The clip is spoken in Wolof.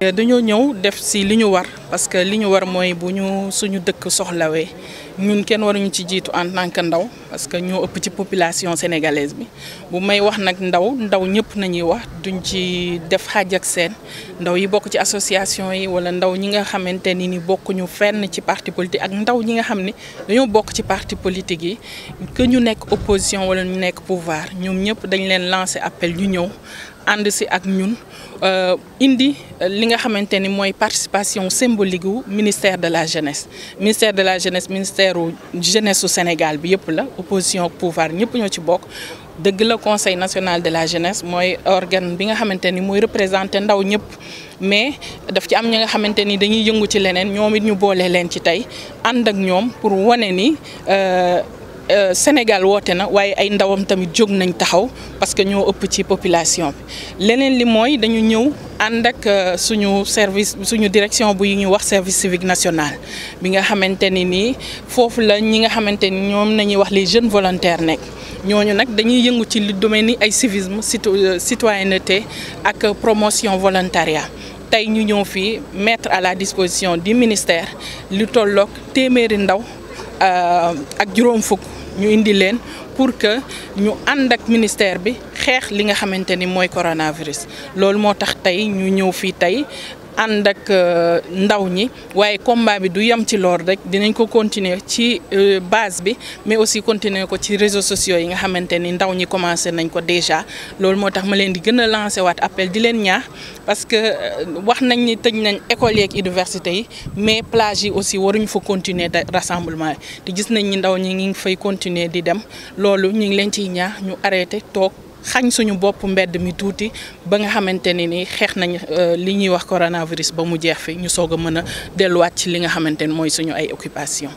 Nous euh, ñëw def ci parce que war mooy bu suñu dëkk soxlawee ñun kenn waruñu ci jiitu en tant que ndaw parce que ci population sénégalaise bi bu may wax nous ndaw ndaw ñëpp nañuy wax duñ ci def xaaj ak seen ndaw yi bokk ci association yi wala ndaw ñi nga ni ci parti politique ak ndaw ñi nga ci parti politique yi opposition wala ñu pouvoir nous ñëpp dañ leen lancer appel ñu and si ak ñun euh, indi li nga xamante ni mooy participation symbolique wu ministère de la jeunesse ministère de la jeunesse ministère jeunesse su Sénégal bi yëpp la opposition ak ñëpp ñoo ci bokk dëgg la conseil national de la jeunesse mooy organe bi nga xamante ni mooy représenté ndaw ñëpp mais daf ci am ñi nga xamante ni dañuy yëngu ci leneen ñoom it ñu boole leen ci tey ànd ak ñoom pour wane ni. Euh, Euh, Sénégal woote na waaye ay ndawam tamit jóg nañ taxaw parce que ñoo ëpp ci population bi leneen li moy dañu ñëw and ak euh, suñu service suñu direction bu ñu wax service civique national bi nga xamanteni ni fofu la ñi nga xamanteni ñom ñoom wax les jeunes volontaires nek ñoñu nak dañuy yëngu ci lu domaine ay civisme euh, citoyenneté ak promotion volontariat tay ñu ñëw fi mettre à la disposition du ministère lu tollok téméré ndaw ak juroom fukk ñu indi leen pour que ñu ànd ak ministère bi xeex li nga xamante ni mooy coronavirus loolu moo tax tey ñu ñëw fii tey ànd ak euh, ndaw ñi waaye combat bi du yem ci lool rek dinañ ko continuer ci euh, base bi mais aussi continuer ko ci réseaux sociaux yi nga xamante ni ndaw ñi commencé nañ ko déjà loolu moo tax ma leen di gën a lancer waat appel di leen ñaax parce que euh, wax nañ ni tëj nañ école yi ak université yi mais plage yi aussi waruñ fa continuer te rassemblement yi te gis nañ ñi ndaw ñi ngi fay continuer di dem loolu ñu ngi leen ciy ñaax ñu arrêté toog xañ suñu bopp mbedd mi tuuti ba nga xamante ne ni xeex nañ euh, li ñuy wax coronavirus ba mu jeex fi ñu soog a mën a delluwaat ci li nga xamante ne mooy suñu ay occupation